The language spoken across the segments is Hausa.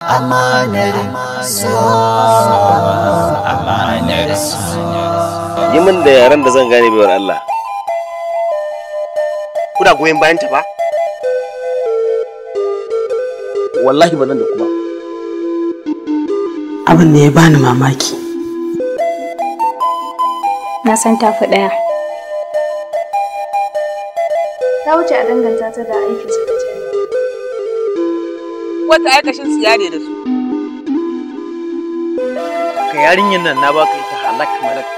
amanar amanar yi min da yaren da zan gane baiwar Allah kuna goyon bayanta ba wallahi ba nan da kuma abin da ya bani mamaki na san tafi ɗaya ta wuce a danganta ta da aikin wata aikashin tsiya ne da su. Ka yarinyar nan na baka ita halak malak.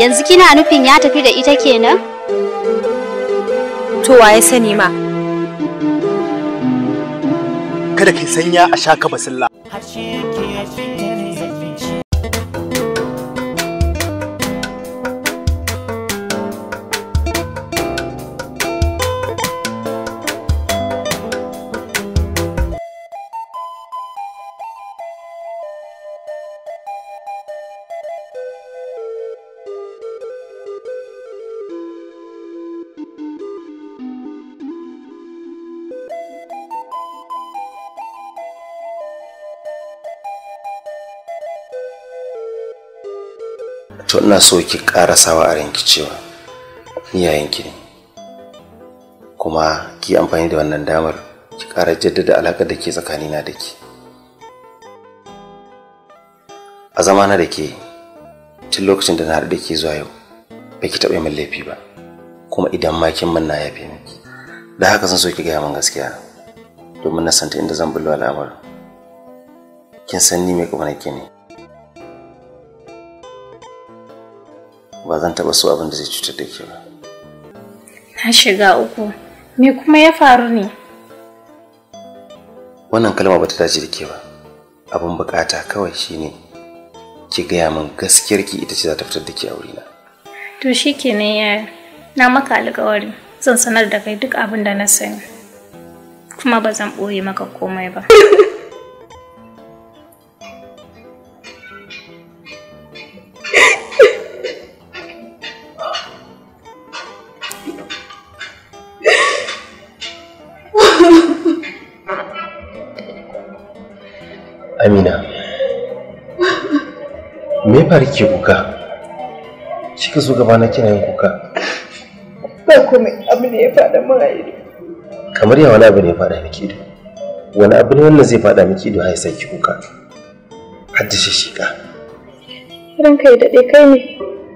Yanzu kina nufin ya tafi da ita kenan? To waye sani ma. Kada ke sanya a sha ka basilla. to ina so ki sawa a ranki cewa iyayenki ne kuma ki amfani da wannan damar ki kara jaddada alaƙar da ke tsakanina da ke a zamana da ke tun lokacin da na haɗu da ke zuwa yau ba ki taɓa min laifi ba kuma idan ma kin min na yafe miki da haka zan so ki gaya min gaskiya domin na santa inda zan bullo al'amarin kin san ni mai ke ne ba zan taɓa so abin da zai cutar da ke ba na shiga uku me kuma ya faru ne wannan kalma ba ta dace da ke ba abin bukata kawai shine ki gaya min gaskiyar ki ita ce za ta fitar da ke a wurina to shi kenan ya na maka alkawari zan sanar da kai duk abin da na sani kuma ba zan ɓoye maka komai ba amina me fara ke kuka kika zo gaba na kina yin kuka ba komai abu ne ya faɗa mun ido kamar ya wani abu ne ya faɗa miki ido wani abu ne wannan zai faɗa miki ido har sai ki kuka har da Ran ranka ya daɗe kai ne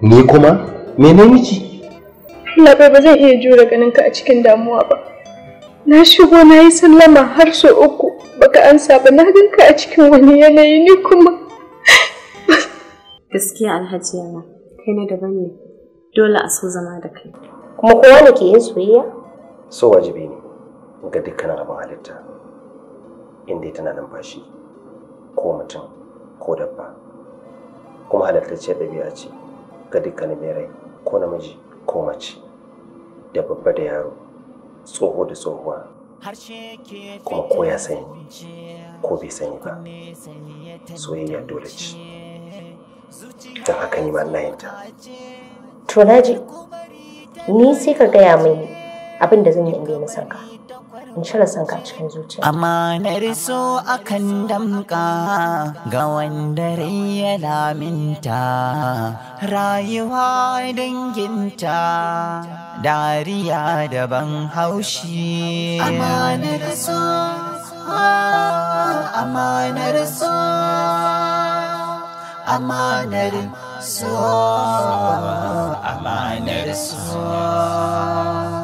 ni kuma menene miki Allah bai ba zan iya jure ganin ka a cikin damuwa ba na shigo na yi sallama har sau uku baka ansa ba na ganka a cikin wani yanayi ne kuma gaskiya alhaji yana kai na daban ne dole a so zama da kai kuma kowa ne ke yin soyayya so wajibi ne ga dukkanin abin halitta inda tana numfashi ko mutum ko dabba kuma halittacciyar ɗabi'a ce ga dukkanin mai rai ko namiji ko mace da babba da yaro tsoho da tsohuwa kuma ko ya sani ko bai sani ba soyayya dole ce don haka ni ma ta to ni sai ka gaya min abin da zan yi in daina sanka in cire sanka cikin zuciya. Amanar so akan damka ga wanda rai ya laminta rayuwa danginta dariya daban haushi. Amanar so, amanar so, amanar so, amanar so.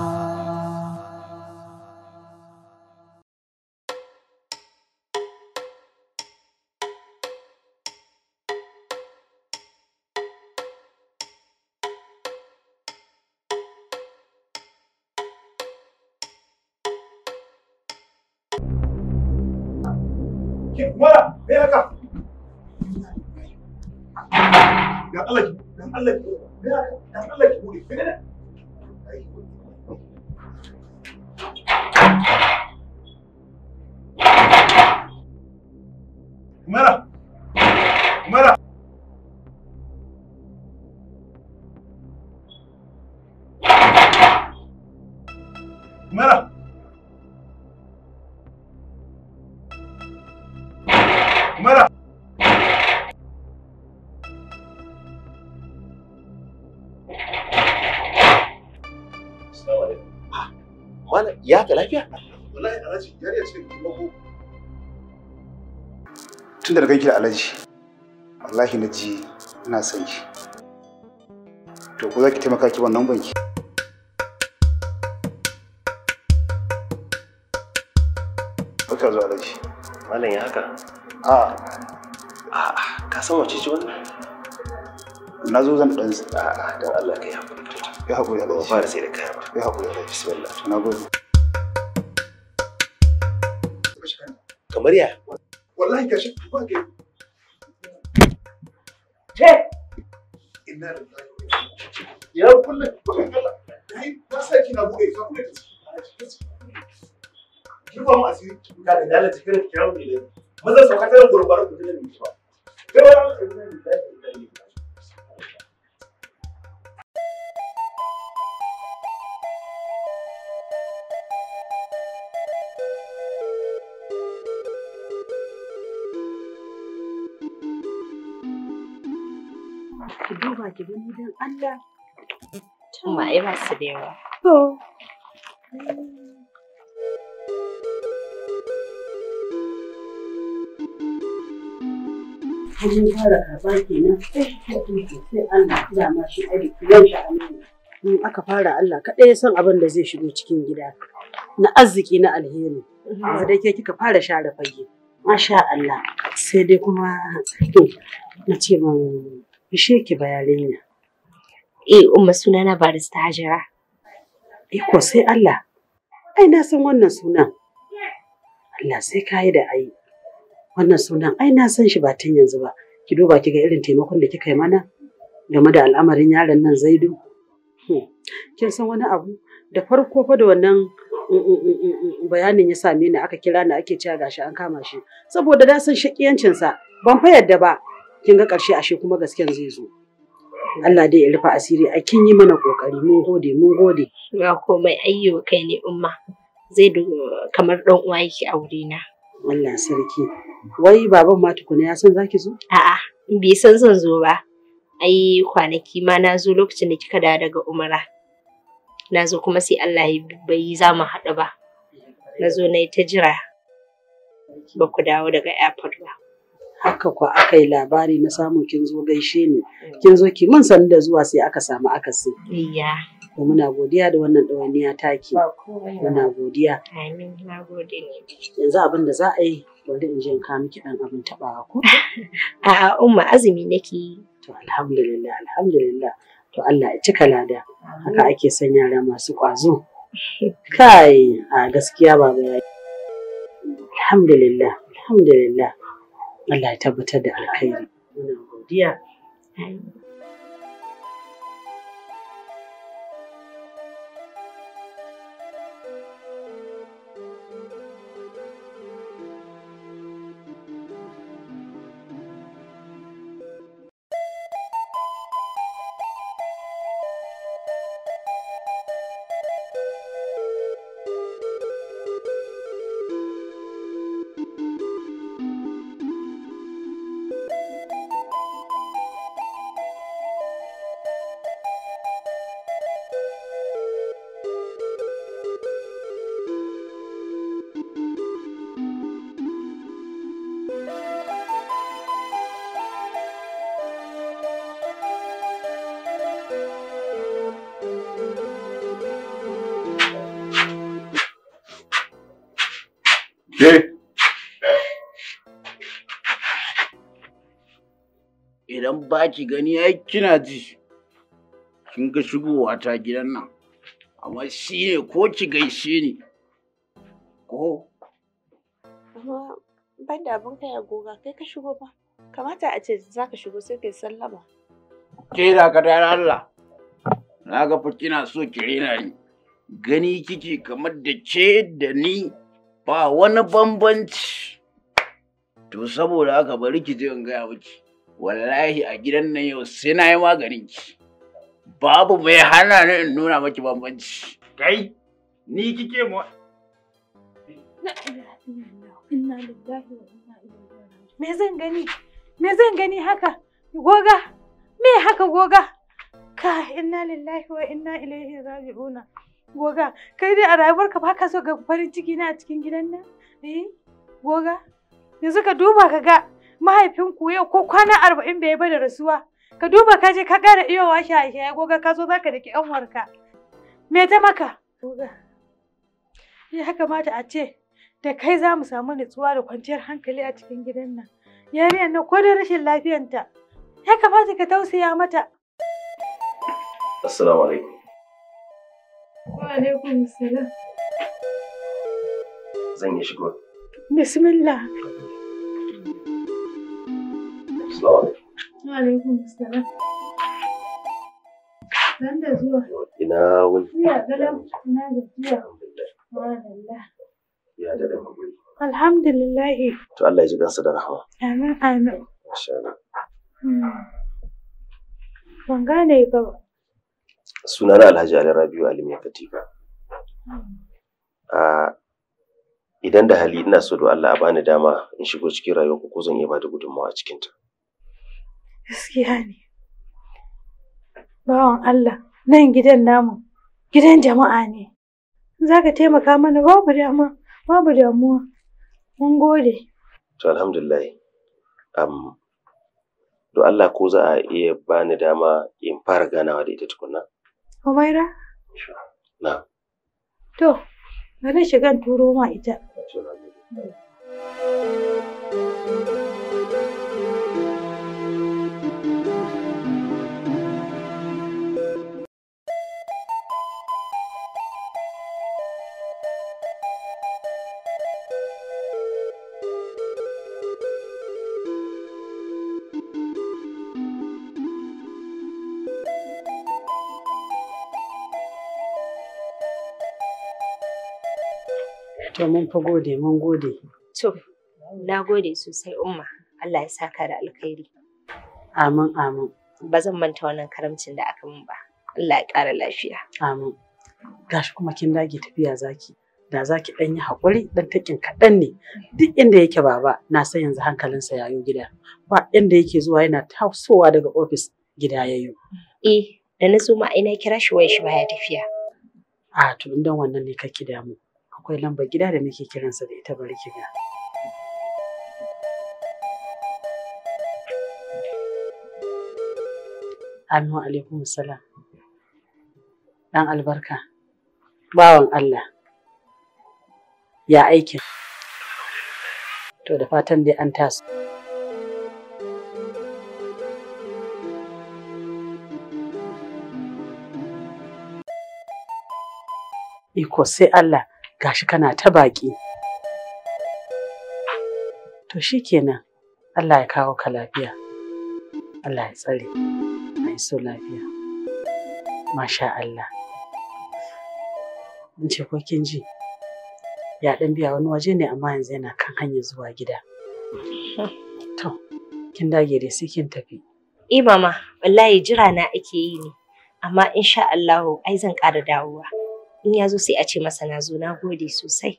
ke haka Allah ki dan Allah ki haka dan Allah ki ne tun da ki da alaji. wallahi na ji ina son ki to ko za ki taimaka ki wannan banki wata zuwa alaji. Malam ya haka? A. A ka san wace ce wannan? Na zo zan ɗan a don Allah ka yi hakuri da ta. Ya haƙuri alhaji. Ba fara sai da kaya ba. Ya hakuri Allah Bismillah. Na gode. Kamar ya? wallahi gashi ba ga ce inna lillahi ya kullum ba kala dai na sa kina bude ka bude ki ba mu asiri ka da dalilin cikin kyawun ne maza saukata gurbar da ne ba ba su da yawa. fara karɓa kenan sai Allah ya ma shi In aka fara Allah kaɗai ya san abin da zai shigo cikin gida na arziki na alheri. Yanzu dai ke kika fara share fage. Masha Allah sai dai kuma na ce man bishe ki bayanin Eh, umma sunana barista Hajara. Iko eh sai Allah. Ai na san wannan sunan. Allah sai yi da ai. Wannan sunan ai na san shi ba tun yanzu ba. Ki duba ki ga irin taimakon da kika yi mana game da al'amarin yaron nan Zaidu. Hmm. Kin san wani abu? Da farko fa da wannan mm, mm, mm, bayanin ya same ni aka kira ni ake cewa gashi an kama shi saboda da san shakiyancin sa ban fa yadda ba kin ga karshe ashe kuma gasken zai zo Allah dai ya rufa asiri a kin yi mana kokari mun gode mun gode ba komai ayyo kai ne umma zai kamar dan uwa yake a wurina Allah sarki wai baban ma tukuna ya san zaki zo a'a bai san zan zo ba ai kwanaki ma na zo lokacin da kika dawo daga umara na zo kuma sai Allah ya bai za mu haɗu ba na zo na yi ta jira ba ku dawo daga airport ba haka kwa aka yi labari na samun kin zo gaishe ni mm. kin zo ki mun san da zuwa sai aka samu akasi iya ko muna godiya da wannan dawaniya taki muna godiya amin na gode ne yanzu abin da za a yi wanda in je in kawo miki dan abin taba ko a'a umma azumi nake to alhamdulillah alhamdulillah to Allah ya cika lada haka ake son yara masu kwazo kai a gaskiya baba ya alhamdulillah alhamdulillah Allah ya tabbatar da alkhairi muna godiya ba ki gani ai kina ji kin ga shigowa ta gidan nan amma shi ne ko ki gaishe ni ko ban da abin kai agoga kai ka shigo ba kamata a ce za ka shigo sai kai sallama ke da ka tare Allah na ga fa kina so ki rena ni gani kike kamar da ce da ni ba wani bambanci to saboda haka bari ki je in gaya miki wallahi a gidan nan yau sai na yi maganin ki babu mai hana ni in nuna maki bambanci kai ni kike mu me zan gani me zan gani haka goga me haka goga ka inna lillahi wa inna ilaihi raji'un goga kai dai a rayuwar ba ka so ga farin ciki na a cikin gidan nan eh goga yanzu ka duba ka ga mahaifinku yau ko kwana arba'in bai ba da rasuwa ka duba ka je ka iyo iyowa shaye-shaye goga ka zo zaka yan ƙanwarka me ta maka ya kamata a ce da kai za mu samu nutsuwa da kwanciyar hankali a cikin gidan nan yarinyar nan ko da rashin lafiyanta ya kamata ka tausaya mata assalamu alaikum wa alaikum assalam zan yi shigo bismillah Ina wuni. Iya Alhamdulillah. To Allah ya ji kansa da rahama. Amin amin. Masha Allah. Hmm. Ban gane ka ba. Sunana Alhaji Ali Rabiu Ali Mai Katifa. Hmm. Ah, idan da hali ina so da Allah a bani dama in shigo cikin rayuwarku ko zan iya bada gudunmawa a cikinta. gaskiya ne bawan Allah nan gidan namu gidan jama'a ne za ka taimaka mana babu dama babu damuwa mun gode to alhamdulillah um, to Allah ko za a iya bani dama in fara ganawa da ita tukunna Umaira na to bari shigan turo ma ita Thank hmm. you. To mun fa gode mun gode. To na gode sosai umma Allah ya saka da alkhairi. Amin amin. Ba zan manta wannan karamcin da aka min ba. Allah ya ƙara lafiya. Amin. Gashi kuma kin dage tafiya zaki. Da zaki ɗan yi hakuri, ɗan taƙin kaɗan ne. Duk inda yake baba na san yanzu hankalinsa ya yi gida. Ba inda yake zuwa yana tasowa daga ofis gida ya yo. Eh da na zo ma ina kira shi wai shi baya tafiya. A to don wannan ne kake damu. akwai lambar gida da muke kiransa da ita bari ki alaikum salam. Dan albarka. Bawan Allah. Ya aiki. To da fatan dai an taso. Iko sai Allah. gashi kana ta baƙi. To shi kenan Allah ya kawo ka lafiya, Allah ya tsare, mai so lafiya. Masha Allah. In ce ko kin ji, ya ɗan biya wani waje ne amma yanzu yana kan hanyar zuwa gida. To, kin dage dai sai kin tafi. Eh mama, wallahi jira na ake yi ne, amma insha Allah ai zan ƙara dawowa. in ya zo sai a ce masa na zo na gode sosai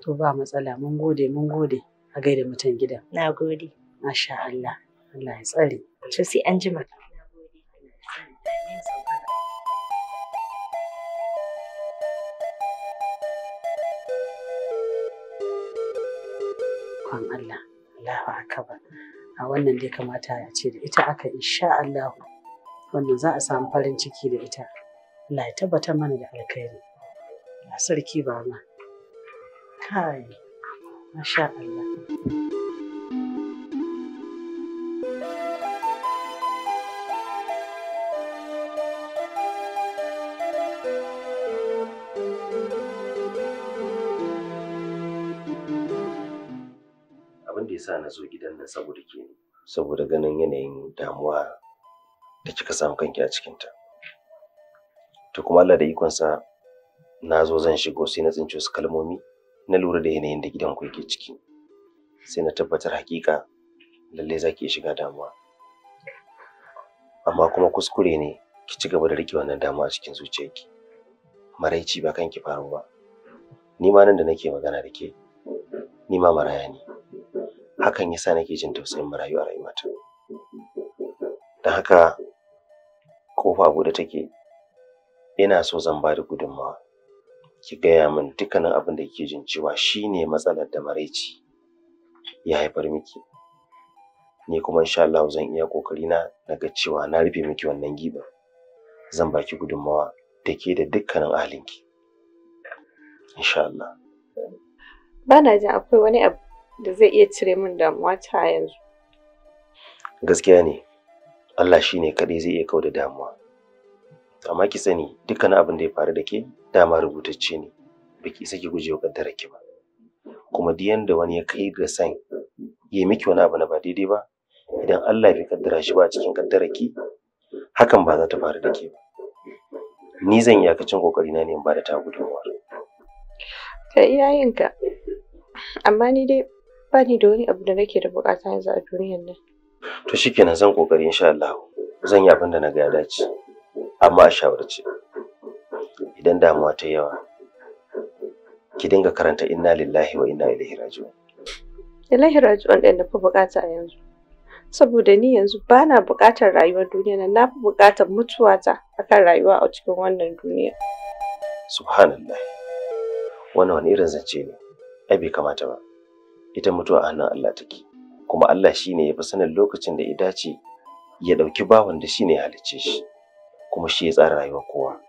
to ba matsala mun gode mun gode a gaida mutan gida. na gode masha Allah Allah ya tsare to sai an jima Allah Allahu akbar a wannan dai kamata ya ce da ita aka insha Allah wannan za a samu farin ciki da ita Allah ya tabbata mana da alkhairi Allah sarki ma. Kai, masha Allah. Abin ya sa na zo gidan nan saboda ke saboda ganin yanayin damuwa da kika samu kanki a cikinta. To kuma Allah da ikonsa na zo zan shigo sai na tsinci wasu kalmomi na lura da yanayin da gidanku yake ciki sai na tabbatar hakika lallai za ki shiga damuwa amma kuma kuskure ne ki ci gaba da rike wannan damuwa cikin zuciyarki maraici ba kanki faru ba ni ma nan da nake magana da ke ni ma maraya ne hakan yasa nake jin tausayin marayu a rayuwata don haka kofa bude take ina so zan ba da gudunmawa ki gaya min dukkanin abin da kike jin cewa shi ne matsalar da maraici ya haifar miki ni kuma insha Allah zan iya kokari na ga cewa na rufe miki wannan giba zan baki gudunmawa da ke da dukkanin ahalinki insha Allah ba na jin akwai wani abu da zai iya cire min damuwa ta yanzu gaskiya ne Allah shi ne kaɗai zai iya kau da damuwa amma ki sani dukkanin abin da ya faru da ke dama rubutacce ne baki isa ki gujewa kaddarar ki ba kuma duk yanda wani ya kai ga san ya miki wani abu na ba daidai ba idan Allah bai kaddara shi ba cikin kaddarar ki hakan ba za ta faru da ke ba ni zan yi akacin kokari na ne in bada ta gudunmuwa ka ka, amma ni dai ba ni da wani abu da nake da bukata yanzu a duniyar nan to shikenan zan kokari insha Allah zan yi abin da na ga ya dace amma a shawarce idan damuwa ta yawa ki dinga karanta inna lillahi wa inna ilaihi raji'un ilahi raji'un ɗin da fi bukata a yanzu saboda ni yanzu ba na bukatar rayuwar duniya na na fi bukatar mutuwata akan rayuwa a cikin wannan duniya subhanallah wannan wani irin zance ne ai bai kamata ba ita mutuwa a hannun Allah take kuma Allah shine ya fi sanin lokacin da ya dace ya ɗauki bawan da shine ya halicce shi kuma shi ya tsara rayuwar kowa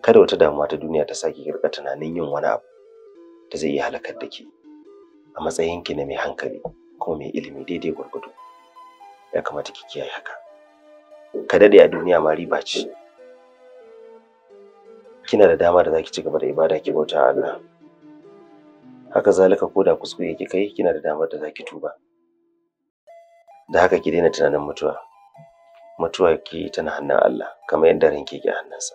kada wata damuwa ta duniya ta sake girka tunanin yin wani abu da zai iya halakar da ke a matsayinki na mai hankali kuma mai ilimi daidai gwargwado ya kamata ki kiyaye haka ka daɗe a duniya ma riba ce kina da dama da zaki ci gaba da ibada ki bauta Allah haka zalika ko da kuskure ki kai kina da damar da zaki tuba da haka ki daina tunanin mutuwa mutuwa ki tana hannun Allah kamar yadda ranki ke hannunsa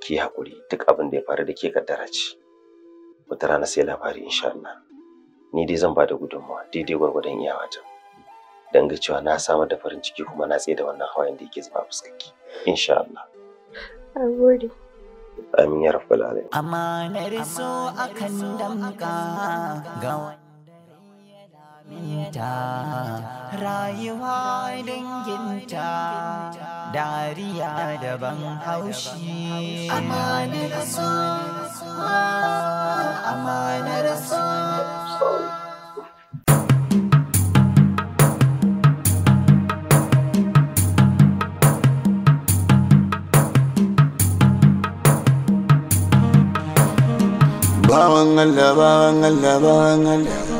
ki haƙuri duk abin da ya faru da ke kaddara ce wata rana sai labari insha Allah ni dai zan bada gudunmawa daidai gwargwadon iyawata dan ga cewa na samar da farin ciki kuma na tsaye da wannan hawayen da yake zuba fuskarki insha Allah amin ya rabbal alamin so akan damka ga aminta rayuwa danginta dariya daban haushi amanar so amanar so Bawangal, bawangal, bawangal.